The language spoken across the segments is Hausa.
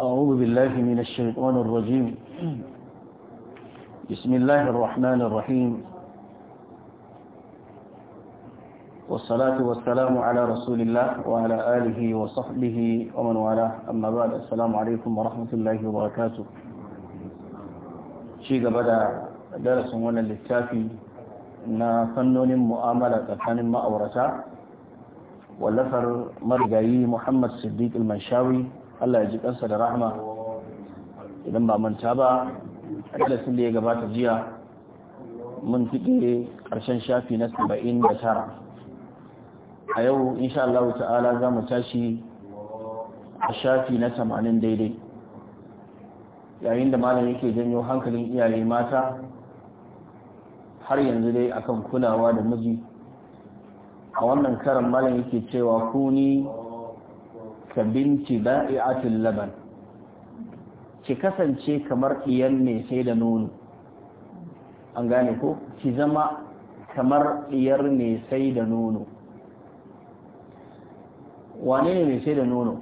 أعوذ بالله من الشيطان الرجيم بسم الله الرحمن الرحيم والصلاة والسلام على رسول الله وعلى آله وصحبه ومن والاه أما بعد السلام عليكم ورحمة الله وبركاته شيء بدأ درس من للتافي na fannonin mu'amala tsakanin ma'aurata wallafar marigayi muhammad siddiq al-manshawi Allah ya ji kansa da rahama idan ba manta ba a darasin da ya gabata jiya mun fiɗe ƙarshen shafi na tara. a yau insha Allah ta'ala za mu tashi a shafi na tamanin daidai yayin da malam yake janyo hankalin iyaye mata har yanzu dai akan kulawa da miji a wannan karan malam yake cewa kuni ni ka binti ba'i'atul laban ki kasance kamar ɗiyan mai sai da nono an gane ko ki zama kamar ɗiyar mai sai da nono wane ne mai sai da nono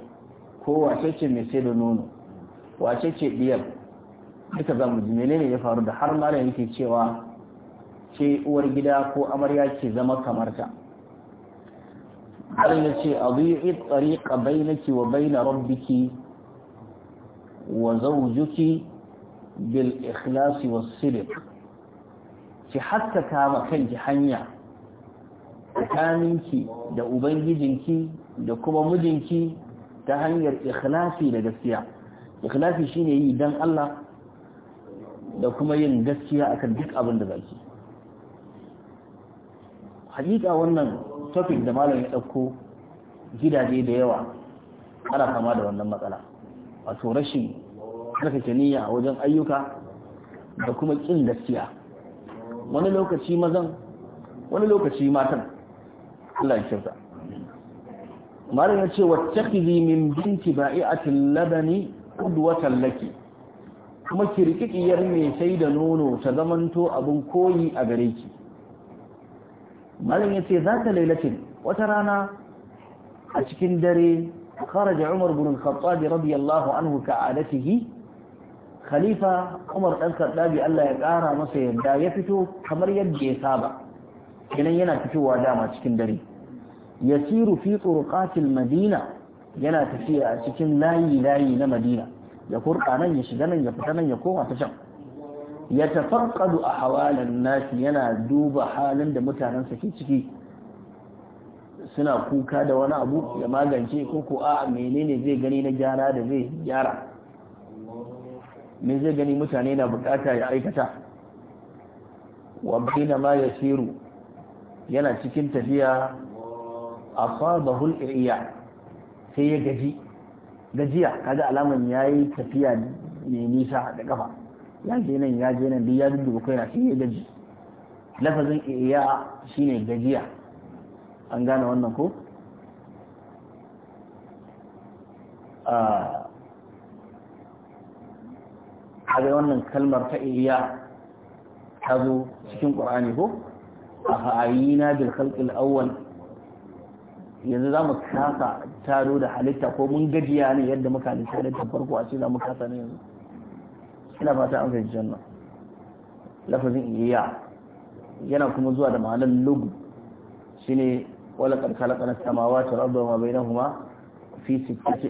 ko wace ce mai sai da nono wace ce ɗiyar duka za mu ji menene ya faru da har malam yake cewa ce uwar gida ko amarya ke zama kamar ta har ya ce adi'i tsariƙa bainaki wa baina rabbiki wa zawjuki bil ikhlasi wa sidq ki ta ma kanki hanya tsakaninki da ubangijinki da kuma mijinki ta hanyar ikhlasi da gaskiya ikhlasi shine yi dan Allah da kuma yin gaskiya akan duk abin da zaki hakika wannan topic da malam ya ɗauko gidaje da yawa ana kama da wannan matsala wato rashin tsarkake niyya wajen ayyuka da kuma ƙin gaskiya wani lokaci mazan wani lokaci matan Allah ya kyauta malam ya ce wattakhidhi min binti ba'i'atil labani udwatan laki kuma yar mai sai da nono ta zamanto abin koyi a gare ki malam yace zaka lailatin wata rana a cikin dare kharaja Umar ibn al-Khattab radiyallahu anhu ka'adatihi khalifa Umar dan Khattabi Allah ya kara masa yadda ya fito kamar yadda ya saba kenan yana fitowa dama cikin dare yasiru fi turqatil madina yana tafiya a cikin layi layi na madina ya kurka nan ya shiga nan ya fita nan ya koma ta can ya tafarqadu a hawalan nasi yana duba halin da mutanensa ke ciki suna kuka da wani abu ya magance ko ko a menene zai gani na gyara da zai gyara me zai gani mutane na bukata ya aikata wa baina ma yasiru yana cikin tafiya a faɗa iya sai ya gaji gajiya kaga alaman yayi tafiya mai nisa da kafa ya je nan ya je nan duk ya dudduba kai na sai ya gaji lafazin iya shine gajiya an gane wannan ko a ah, ga wannan kalmar ta iya ta zo cikin ƙwarani ko a fa'ayina bil khalqil awwal yanzu za mu kasa taro da halitta ko mun gajiya ne yadda muka halitta halittar farko a ce za mu kasa ne yanzu ina fata an fahimci wannan lafazin iya yana kuma zuwa da ma'anar lugu shine wala qad khalaqna as-samawati wal arda wa ma bainahuma fi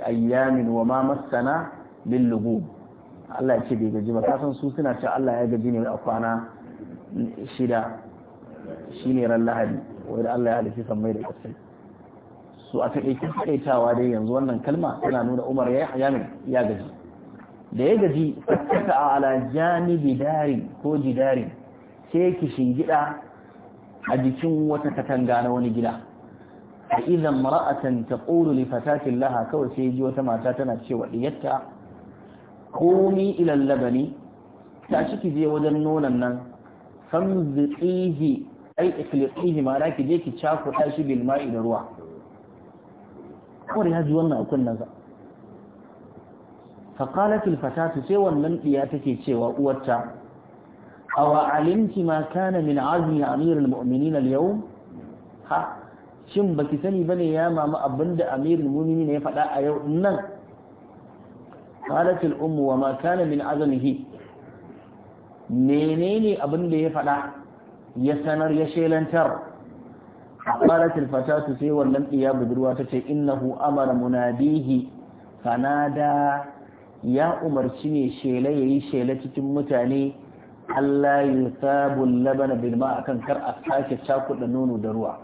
ayyamin wa ma masana, bil Allah ya ce bai gaji ba kasan su suna cewa Allah ya gaji ne a kwana shida ne ran lahadi wanda Allah ya halice san mai da kasai su a taƙaice dai yanzu wannan kalma tana nuna Umar ya ya gaji da ya gaji tattaka a alajani bidari ko jidari sai ki gida a jikin wata katanga na wani gida a idan mara'atan ta ƙoro li laha kawai sai ji wata mata tana cewa ɗiyarta komi ilan labani ta ciki je wajen nonon nan famziƙihi ai ikliƙihi ma ki je ki cakuɗa shi bilma'i da ruwa kawai ya ji wannan a kunnen faqalatil fatatu sai wannan diya take cewa uwarta awa alimti ma kana min azmi amirul mu'minin al ha shin baki sani bane ya mamu abinda amirul mu'minin ya faɗa a yau nan qalatil ummu wa ma kana min azmihi menene abinda ya faɗa ya sanar ya shelantar قالت الفتاة سي ولم يا بدروا تتي إنه أمر مناديه فنادى ya umarci ne shela ya yi shela cikin mutane Allah yi sabon labana bilma akan kar a sake cakuɗa nono da ruwa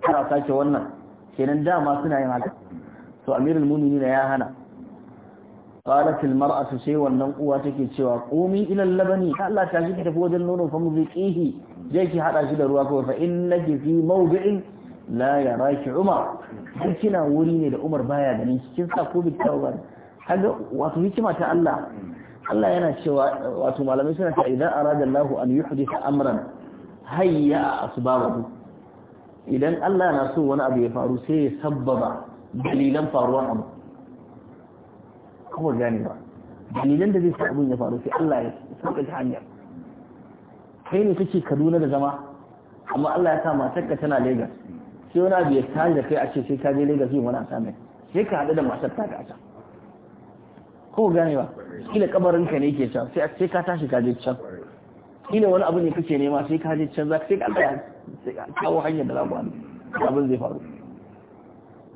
kar a sake wannan kenan dama suna yin haka to amirul muminina ya hana قالت المرأة سي wannan uwa take cewa qumi ila labani Allah ta shi tafi wajen nono fa muziqihi haɗa ki hada shi da ruwa kawai fa innaki fi mawdi'in la yaraki Umar kina wuri ne da Umar baya ganin kin sa ko bitawa kaga wato hikima ta Allah Allah yana cewa wato malamai suna ta idan arada Allah an yuhdisa amran hayya asbabahu idan Allah na so wani abu ya faru sai ya sabbaba dalilan faruwar abu kuma gani ba dalilan da zai sa abun ya faru sai Allah ya sauka ta hanyar kai ne kake Kaduna da zama amma Allah ya sa matarka tana Lagos sai wani abu ya tashi da kai a ce sai ka je Lagos yin wani asamin sai ka haɗu da matar ta ga asamin ko gane ba kila kabarin ka ne ke can sai sai ka tashi ka je can kila wani abu ne kake nema sai ka je can za ka sai ka tsaya sai ka kawo hanyar da za ku abin zai faru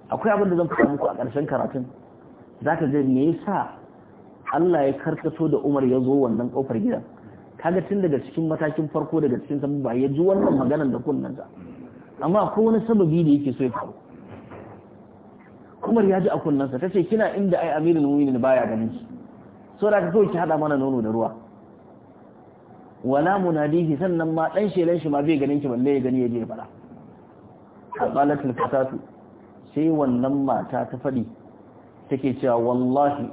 akwai abin da zan faɗa muku a ƙarshen karatun za ka je me yasa Allah ya karkato da Umar ya zo wannan kofar gidan kaga tun daga cikin matakin farko daga cikin sabbi ba ya ji wannan maganar da kunnansa amma akwai wani sababi da yake so ya faru Umar ya ji a kunnansa ce kina inda ai Amirul Mu'minin baya ganin ki so da kawai ki hada mana nono da ruwa wala munadihi sannan ma dan shelan shi ma bai ganin ki balle ya gani ya je fara qalatul fatatu sai wannan mata ta fadi take cewa wallahi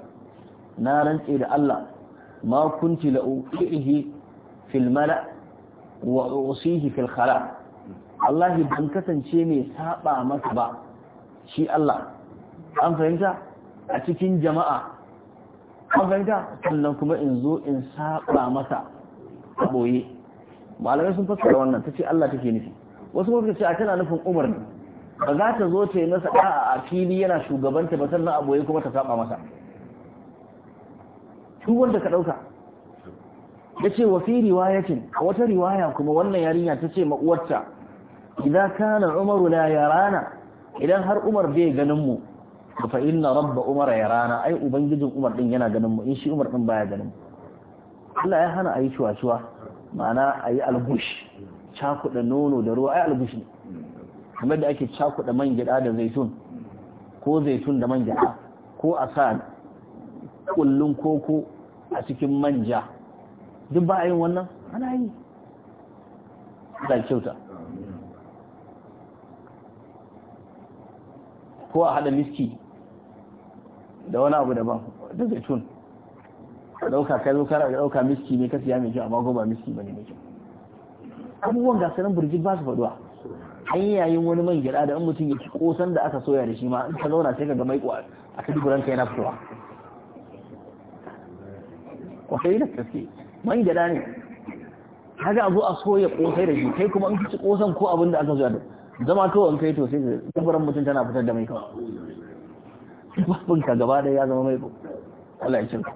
na rantse da Allah ma kunti la uqihi fil mala wa usihi fil khala Allah ban kasance mai saba maka ba shi Allah an fahimta a cikin jama'a an fahimta sannan kuma in zo in saba masa a ɓoye malamai sun fassara wannan ta ce Allah take nufi wasu kuma ce a tana nufin umar ne ba za ta zo ta yi masa a a fili yana shugabanta ba sannan a ɓoye kuma ta saba masa duk wanda ka ɗauka ya ce wa fi riwayatin a wata riwaya kuma wannan yarinya ta ce ma'uwarta idan kana umaru la yarana idan har umar bai ganin mu to fa inna rabba umar ya rana ai ubangijin umar din yana ganin mu in shi umar din baya ganin Allah ya hana ayi shuwa-shuwa ma'ana ayi algush cakuɗa nono da ruwa ai algush ne kamar da ake cakuɗa man gyaɗa da zaitun ko zaitun da man gyaɗa ko a kullun koko a cikin manja duk ba yin wannan ana yi da kyauta ko a haɗa miski da wani abu daban da zaitun ka ɗauka kai zo kara ɗauka miski ne ka siya mai kyau amma ko ba miski bane mai kyau abubuwan gasarin burjik ba su faduwa an wani man gyaɗa da in mutum ya ci kosan da aka soya da shi ma in ka zauna sai ka ga maiko a ta duburan ka yana fitowa kwasai da kaske man gyaɗa ne kaga a zo a soya kosai da shi kai kuma in ka ci kosan ko abin da aka soya da zama kawai in kai to sai kuburan mutum tana fitar da mai kawai ka gaba da ya zama mai Allah ya cinka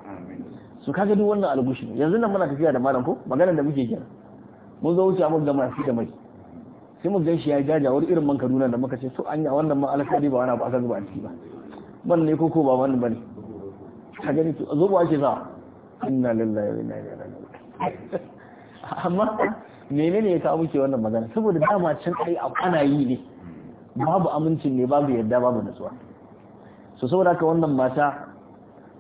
su kaga duk wannan algushi yanzu nan muna tafiya da malam ko maganar da muke kenan mun zo wuce mun ga shi da mai sai mu gan shi ya jaja wani irin man Kaduna da muka ce to anya wannan ma alƙali ba wani abu aka zuba a ciki ba ban ne ko ba wannan bane ka gani to zo ba ake za inna lillahi wa inna ilaihi raji'un amma ne ya kawo muke wannan magana saboda dama can ai ana yi ne babu amincin ne babu yadda babu nutsuwa so saboda ka wannan mata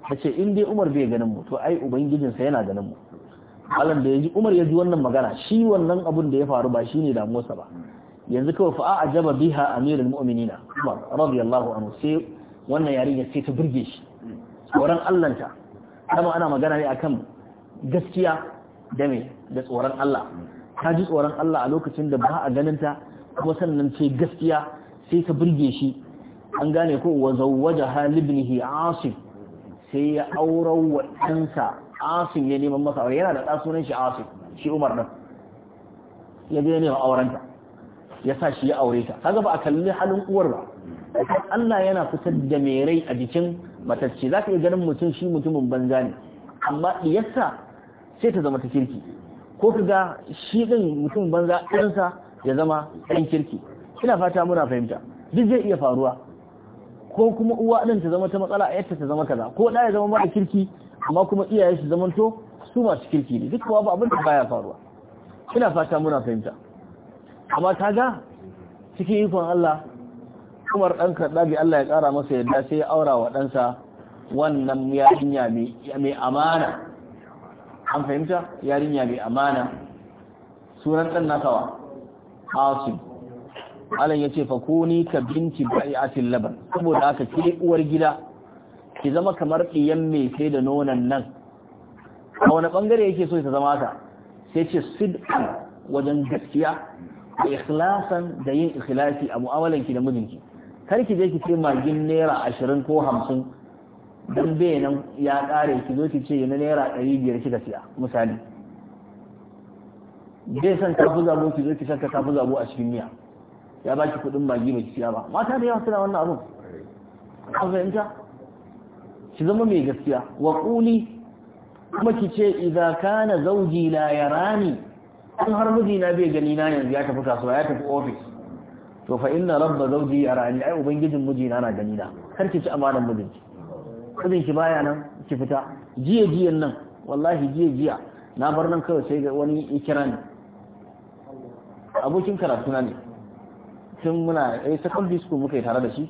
ta ce in dai Umar bai ganin mu to ai ubangijinsa yana ganin mu Allah da yaji Umar ya ji wannan magana shi wannan abun da ya faru ba shine damuwarsa ba yanzu kawai fa ajaba biha amirul mu'minina Umar radiyallahu anhu sai wannan yarinya sai ta burge shi tsoron Allah ta ana magana ne akan gaskiya da me da tsoron Allah ka ji tsoron Allah a lokacin da ba a ta kuma sannan ce gaskiya sai ka burge shi an gane ko wa zawwaja halibnihi asim sai ya aurar wa ɗansa asim ya neman masa aure yana da ɗa sunan shi asim shi umar ɗin ya je neman aurenta ya sa shi ya aure ta kaga ba a kalli halin uwar ba Allah yana fitar da mai rai a jikin matacce za ka iya ganin mutum shi mutumin banza ne amma diyarsa sai ta zama ta kirki ko ka ga shi ɗin mutum banza ɗansa ya zama ɗan kirki ina fata muna fahimta duk zai iya faruwa ko kuma uwa ɗin ta zama ta matsala a yadda ta zama kaza ko ɗa ya zama mara kirki amma kuma iyaye su zamanto su masu kirki ne duk kuma ba abin da baya faruwa ina fata muna fahimta amma ta ga cikin ikon Allah Umar ɗan karɗa bi Allah ya ƙara masa yadda sai ya aura wa ɗansa wannan yarinya mai amana an fahimta yarinya mai amana sunan ɗan nasawa asim alan ya ce kuni ka binti bai'atin laban saboda haka ke uwar gida ki zama kamar ɗiyan mai sai da nonon nan a wani ɓangare yake so ta zama ta sai ce sid'an wajen gaskiya da ikhlasan da yin ikhlasi a mu'amalanki da mijinki kar ki je ki ce magin naira ashirin ko hamsin don bai nan ya kare ki zo ki ce na naira ɗari biyar kika siya misali bai san tafi zabo ki zo ki saka tafi zabo a cikin miya ya ba ki kuɗin magi ba ki siya ba mata da yawa suna wannan abun a fahimta ki zama mai gaskiya wa ƙuli kuma ki ce idza kana zawji la yarani in har mijina bai gani na yanzu ya tafi kasuwa ya tafi ofis to fa inna rabba zawji yarani ai ubangijin mijina na gani na kar ki ci amanar mijinki kudin ki baya nan ki fita jiya jiyan nan wallahi jiya jiya na bar nan kawai sai wani ya kira ni abokin karatu na ne tun muna a eh, secondary school muka yi tare da shi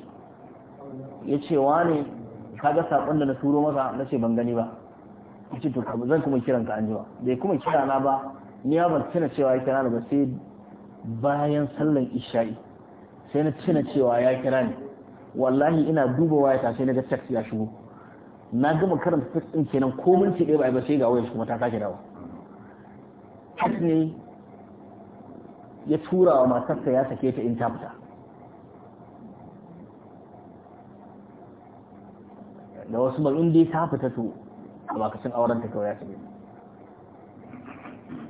ya ce ka kaga sakon da na turo masa na ce ban gani ba ya ce to zan kuma kiran ka anjima bai kuma kira na ba ni ya ban tuna cewa ya kira ni ba sai bayan sallan isha'i sai na tuna cewa ya kira ni wallahi ina duba waya ta sai na ga text ya shigo na gama karanta text din kenan ko ce ɗaya ba a ba sai ga wayar kuma ta sake dawo text ne ya tura wa matarsa ya sake ta in ta fita da wasu ba inda dai ta fita to a bakacin auren ta kawai ya sake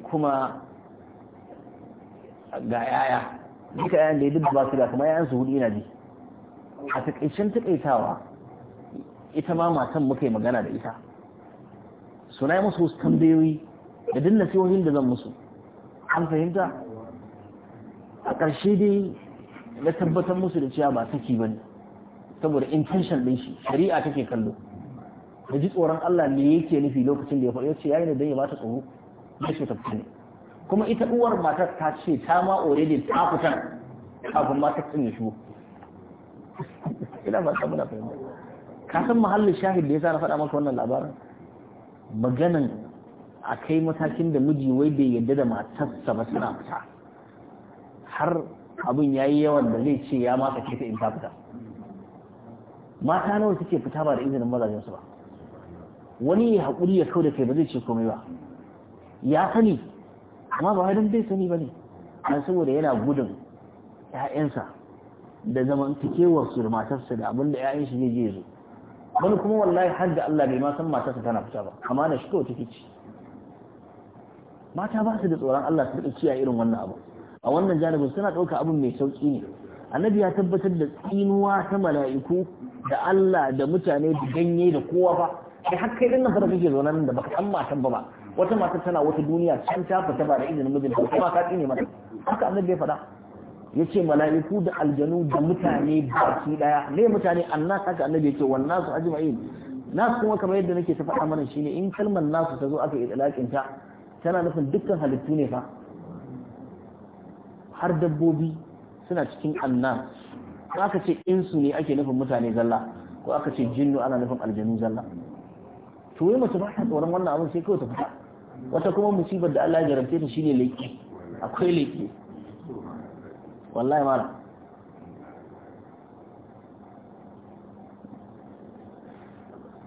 kuma ga yaya duka yayan da ya dubba su ga kuma yayan su hudu ina ji a takaicen takaitawa ita ma matan muka yi magana da ita su na yi musu wasu tambayoyi da duk nasihohin da zan musu an fahimta a ƙarshe dai na tabbatar musu da cewa ba saki ba ne saboda intention ɗin shi shari'a take kallo da ji tsoron Allah ne yake nufi lokacin da ya faɗi ce yayi ne dan ya bata tsoro ya ce tafi ne kuma ita uwar matar ta ce ta ma already ta fitan kafin matar ɗin ya shigo ina ba ta muna fahimta ka san mahallin shahid da yasa na faɗa maka wannan labarin maganan a kai matakin da miji wai bai yadda da matarsa ba suna fita har abin ya yi yawan da zai ce ya ma ke ta in ta fita mata nawa suke fita ba da izinin mazajen ba wani ya haƙuri ya kau da kai ba zai ce komai ba ya sani amma ba wadon bai sani ba ne an saboda yana gudun ‘ya'yansa da zamantakewar su da matarsa da abin da ‘ya'yan shi ne je zo wani kuma wallahi har da Allah bai ma san tana fita ba amma na shi kawai take ci mata ba su da tsoron Allah su rika kiyaye irin wannan abu a wannan janibin suna dauka abin mai sauki ne annabi ya tabbatar da tsinuwa ta mala'iku da Allah da mutane da ganye da kowa ba kai har kai din fara kake zo nan da baka san mata ba ba wata mata tana wata duniya can ta fita ba da izinin mijinta kuma ka tsine mata haka annabi ya faɗa yace mala'iku da aljanu da mutane baki daya ne mutane annas haka annabi yace wan nasu ajma'in nasu kuma kamar yadda nake ta faɗa mana shine in kalmar nasu ta zo aka dalakin ta tana nufin dukkan halittu ne fa har dabbobi suna cikin annas ko aka ce insu ne ake nufin mutane zalla ko aka ce jinnu ana nufin aljanu zalla to wai mace ba ta tsoron wannan abin sai kawai ta fita wata kuma musibar da Allah ya jarabce ta shine laifi akwai laifi wallahi mana,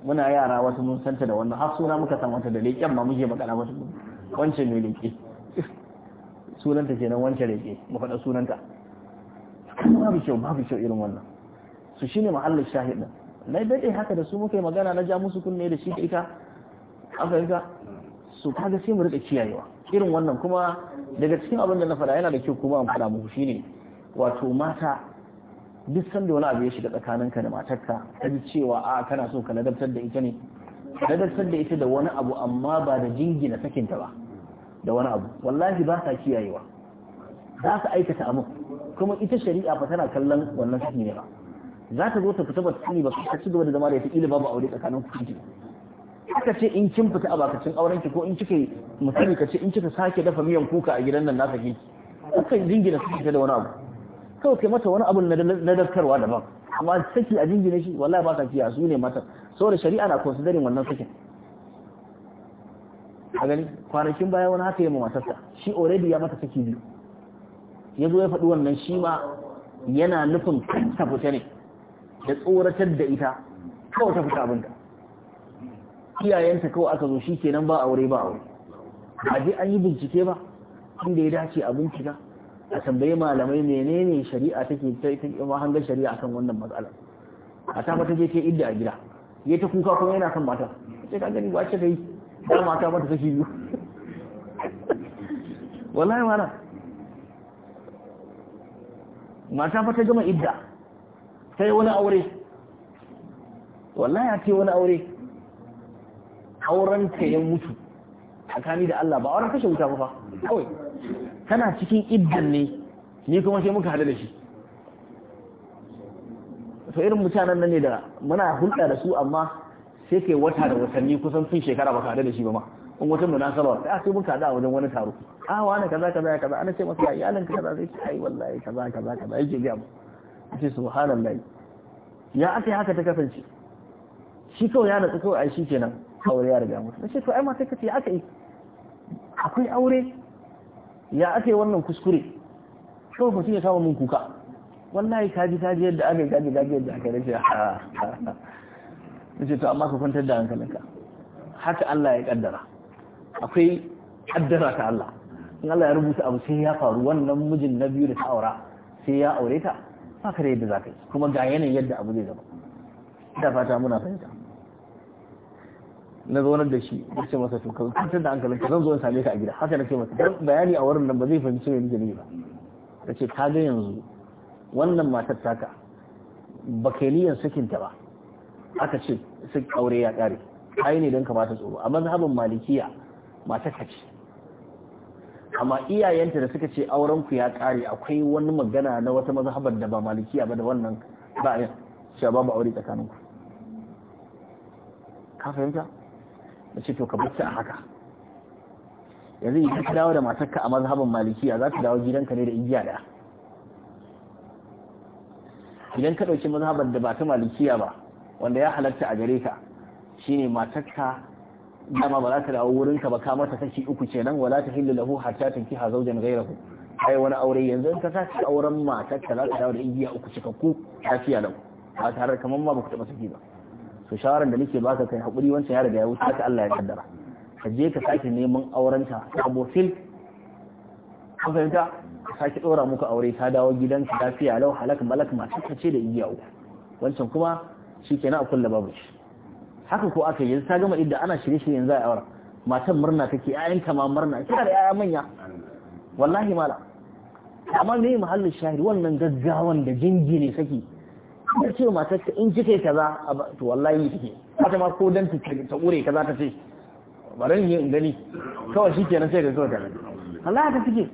muna yara wasu mun santa da wannan har suna muka san wata da leƙen ma muke magana wasu wancan mai leƙe sunanta kenan wancan leƙe mu faɗa sunanta babu kyau babu kyau irin wannan su shine mahallin shahidin na daɗe haka da su muka yi magana na ja musu kunne da shi da ita aka yi ka su kaga sai mu riƙa kiyayewa irin wannan kuma daga cikin abin da na faɗa yana da kyau kuma an faɗa muku shine wato mata duk sanda wani abu ya shiga tsakaninka da matarka ta ji cewa a kana so ka ladabtar da ita ne ladabtar da ita da wani abu amma ba da jingina sakinta ba da wani abu wallahi ba sa kiyayewa za su aikata amin kuma ita shari'a ba tana kallon wannan saki ne ba za ta zo ta fita ba ta sani ba ka ci gaba da zama da ita ƙila babu aure tsakanin kuɗi aka ce in kin fita a bakacin auren ki ko in kika misali ka ce in kika sake dafa miyan kuka a gidan nan naka ki kuka jingina su da wani abu kawai kai mata wani abu na daftarwa daban amma saki a jingina shi wallahi ba ta a su ne mata saboda shari'a na considering wannan sakin a gani kwanakin baya wani haka yi ma matarsa shi already ya mata saki biyu ya zo ya faɗi wannan shi ma yana nufin ta fita ne da tsoratar da ita kawai ta fita abinta iyayenta kawai aka zo shi kenan ba aure ba aure a je an yi bincike ba inda ya dace a bincika a tambayi malamai menene shari'a take ta mahangar shari'a akan wannan matsala a ta mata je ta idda a gida ya ta kuka kuma yana kan mata sai ka gani ba ce kai da mata mata kashi biyu wallahi mana mata ba ta gama idda sai wani aure wallahi a ce wani aure auren ka ya mutu tsakani da Allah ba auren kashe wuta ba fa kawai kana cikin iddan ne ni kuma sai muka hada da shi to irin mutanen nan ne da muna hulɗa da su amma sai kai wata da watanni kusan sun shekara baka hada da shi ba ma in wata munasabar sai sai muka hada a wajen wani taro a ah, wani kaza kaza ya kaza ana ce masa iyalin ka kaza sai ce ai wallahi kaza kaza kaza yake ga mu sai subhanallahi ya aka haka ta kasance shi kawai ya natsu kawai ai shi kenan aure ya riga mutu sai to ai ma sai kace ya aka yi akwai aure ya aka yi wannan kuskure kawai shi ya kama mun kuka wallahi kaji kaji yadda aka yi kaji kaji yadda aka yi ha ha nace to amma ka kwantar da hankalinka haka Allah ya kaddara akwai kaddara ta Allah in Allah ya rubuta abu sai ya faru wannan mijin na biyu da ta aura sai ya aure ta ba ka da yadda za ka yi kuma ga yanayin yadda abu zai zama da fata muna fahimta na zaunar da shi ya ce masa to ka kwantar da hankalin ka zan zo in same ka a gida haka na ce masa dan bayani a wurin nan ba zai fahimci me nake nufi ba ta ce ka ga yanzu wannan matar taka ba kai niyyar sakin ta ba aka ce sai aure ya kare kai ne dan ka mata tsoro a mazhabin malikiya matar ka ce amma iyayenta da suka ce auren ku ya kare akwai wani magana na wata mazhabar da ba malikiya ba da wannan ba ra'ayin cewa babu aure tsakaninku ka fahimta da ce to ka bacci a haka yanzu yi ka dawo da matakka a mazhaban malikiya za ta dawo gidanka ne da igiya da idan ka ɗauki mazhaban da ba ta malikiya ba wanda ya halatta a gare ka shine matakka dama ba za ta dawo wurinka ba ka mata saki uku kenan wala ta hillu lahu hatta tankiha zawjan ghayrahu ai wani aure yanzu in ka saki auren matakka, za ta dawo da igiya uku cikakku lafiya lau ba tare kamar ma ba ku taɓa saki ba to shawaran da nake baka kai hakuri wancan ya riga ya wuce haka Allah ya kaddara ka je ka sake neman aurenta sabo fil ka fahimta ka sake dora muku aure ta dawo gidanka lafiya lau halak malak ma ta ce da igiya uku wancan kuma shikenan a kulla babu shi haka ko aka yanzu ta gama idda ana shirye-shirye yanzu a aure matan murna take ƴaƴanka ma murna kira da 'ya'ya manya wallahi mala amma ne mahallin shahid wannan gaggawan da jingi ne saki ka ce matar ka in ji kai kaza to wallahi take ta ma ko dan ta ƙure kaza ta ce bari ne in gani kawai shi kenan sai ka zo ka Allah ka suke.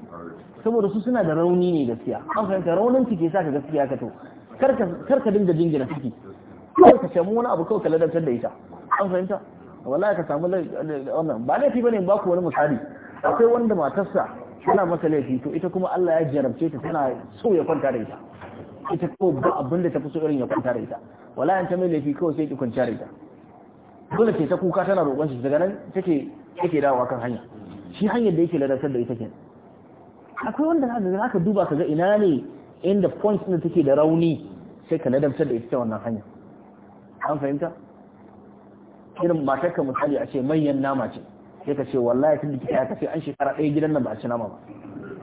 saboda su suna da rauni ne gaskiya an fahimta raunin su ke sa ka gaskiya ka to kar ka dinga jingina suke. kawai ka samu wani abu kawai ka ladabtar da ita an fahimta wallahi ka samu wannan ba laifi bane ba ku wani misali akwai wanda matarsa tana masa laifi to ita kuma Allah ya jarabce ta tana so ya kwanta da ita ita ko ba abin da ta fi so irin ya kwanta da ita wala an ta mai laifi kawai sai ki kwanta da ita dole ce ta kuka tana roƙon shi daga nan take take dawowa kan hanya shi hanyar da yake ladabtar da ita ke akwai wanda za ka duba ka ga ina ne inda point din take da rauni sai ka ladabtar da ita ta wannan hanya an fahimta irin matarka misali a ce manyan nama ce sai ka ce wallahi tun da kika ya kace an shekara ɗaya gidan nan ba a ci nama ba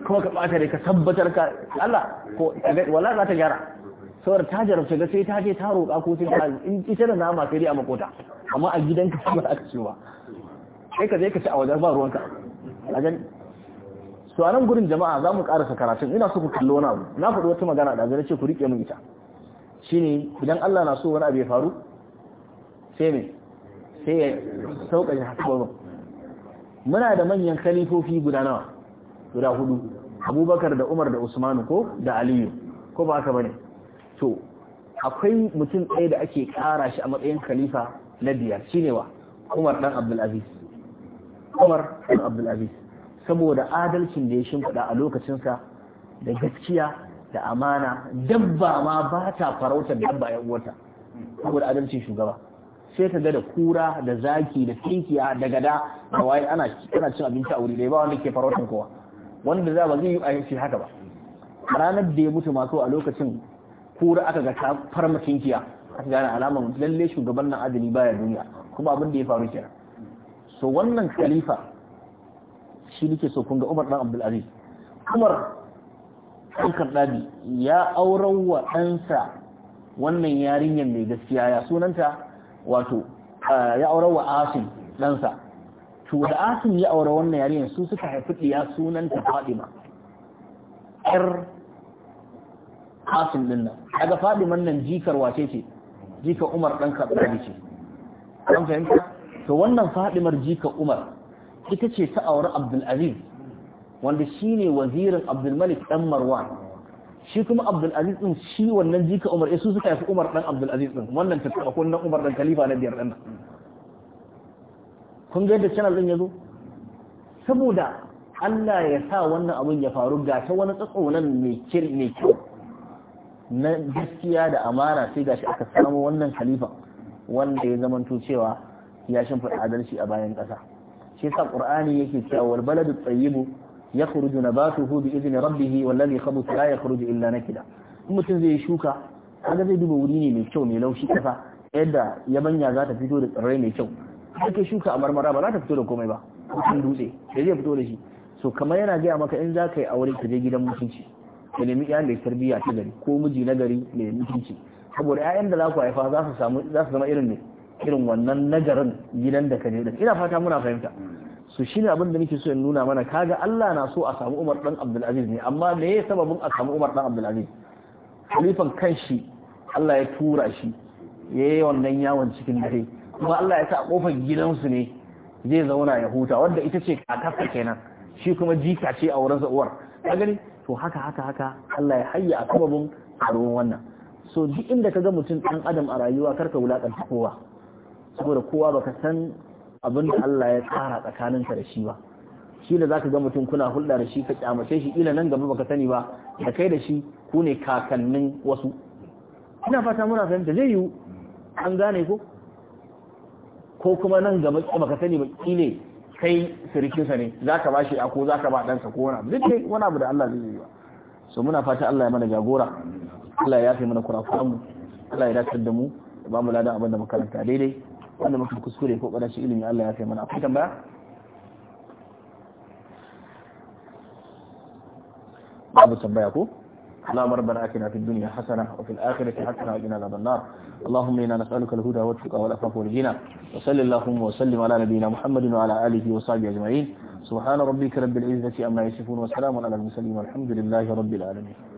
kuma ka bata ne ka tabbatar ka Allah ko wala za ta gyara saboda ta jarabta ga sai ta je ta roƙa ko sai ta in ita da nama sai dai a makota amma a gidanka ka za aka ce ba sai ka je ka ci a wajen ba ruwanka a gani su a nan gurin jama'a za mu ƙarasa karatun ina so ku kallo na na faɗi wata magana da zai ce ku riƙe min ita shine idan Allah na so wani abu ya faru sai ne sai ya sauƙaƙe hasbabin muna da manyan kalifofi guda nawa guda hudu abubakar da umar da usmanu ko da aliyu ko ba haka bane to akwai mutum ɗaya da ake ƙara shi a matsayin khalifa na biyar shine wa umar dan abdulaziz umar dan abdulaziz saboda adalcin da ya shimfiɗa a lokacinsa da gaskiya da amana dabba ma ba ta farautar dabba ya uwarta saboda adalcin shugaba sai ta ga da kura da zaki da tsinkiya da gada da waye ana cin abinci a wuri ya ba wanda ke farautar kowa wanda za ba zai yi a haka ba ranar da ya mutu masu a lokacin kura aka ga ta farma kinkiya aka gane alamar lalle shugaban nan adali baya duniya kuma abin da ya faru kenan so wannan khalifa shi nake so kun ga Umar dan Abdul Aziz Umar dan Kardabi ya aurar wa ɗansa wannan yarinyar mai gaskiya ya sunanta wato ya aurar wa Asim ɗansa to da asim ya aure wannan yarinyar su suka haifi ɗiya sunanta fadima ƴar asim din nan daga fadiman nan jikar wace ce jikar umar ɗan kaɗaɗi ce an fahimta to wannan fadimar jikar umar ita ce ta aure abdulaziz wanda shine ne wazirin abdulmalik Dan marwan shi kuma abdulaziz ɗin shi wannan jikar umar ya eh, su suka haifi umar ɗan abdulaziz din wannan tattaba ko nan umar dan khalifa na biyar ɗan nan kun ga yadda channel din yazo saboda Allah ya sa wannan abun ya faru ga ta wani nan mai kir mai kyau na gaskiya da amana sai gashi aka samu wannan khalifa wanda ya zamanto cewa ya shimfiɗa adalci a bayan ƙasa shi yasa qur'ani yake cewa wal baladu tayyibu yakhruju nabatuhu bi idni rabbih wal ladhi khabutha la yakhruju illa nakida in mutum zai shuka kaga zai duba wuri ne mai kyau mai laushi ƙasa yadda yabanya za ta fito da tsirrai mai kyau har kai shuka a marmara ba za ta fito da komai ba kan dutse da zai fito da shi so kamar yana gaya maka in za ka yi aure ka je gidan mutunci ka nemi iyayen da ya tarbiyya ta gari ko miji na gari mai mutunci saboda 'ya'yan da za ku haifa za su samu za su zama irin ne irin wannan nagarin gidan da ka je ina fata muna fahimta su shi abin da nake so in nuna mana kaga Allah na so a samu Umar dan Abdul ne amma me ya sababin a samu Umar dan Abdul Aziz khalifan kanshi Allah ya tura shi yayi wannan yawon cikin dare kuma Allah ya sa a kofar gidansu ne zai zauna ya huta wanda ita ce kakarsa kenan shi kuma jika ce a wurinsa uwar ka gani to haka haka haka Allah ya hayya a sababin karuwan wannan so duk inda ka ga mutum ɗan adam a rayuwa karka wulaƙanta kowa saboda kowa baka san abin da Allah ya tsara ka da shi ba shi da zaka ga mutum kuna hulɗa da shi ka kyamace shi ila nan gaba baka sani ba da kai da shi ku ne kakannin wasu ina fata muna fahimta zai yiwu an gane ko ko kuma nan gaba ka sani ba kile kai sa ne za ka bashi ya ko za ka ba sa ko wani abu duk wani abu da Allah zai yi ba so muna fata Allah ya mana jagora Allah ya yafe mana kurakuran mu Allah ya dakatar da mu ya ba mu ladan abin da makaranta daidai wanda muka kuskure ko shi ilimi Allah ya yafe mana akwai tambaya babu tambaya ko اللهم ربنا آتنا في الدنيا حسنة وفي الآخرة حسنة وقنا عذاب النار اللهم إنا نسألك الهدى والتقى والعفو والغنى وصل اللهم وسلم على نبينا محمد وعلى آله وصحبه أجمعين سبحان ربك رب العزة عما يصفون وسلام على المرسلين والحمد لله رب العالمين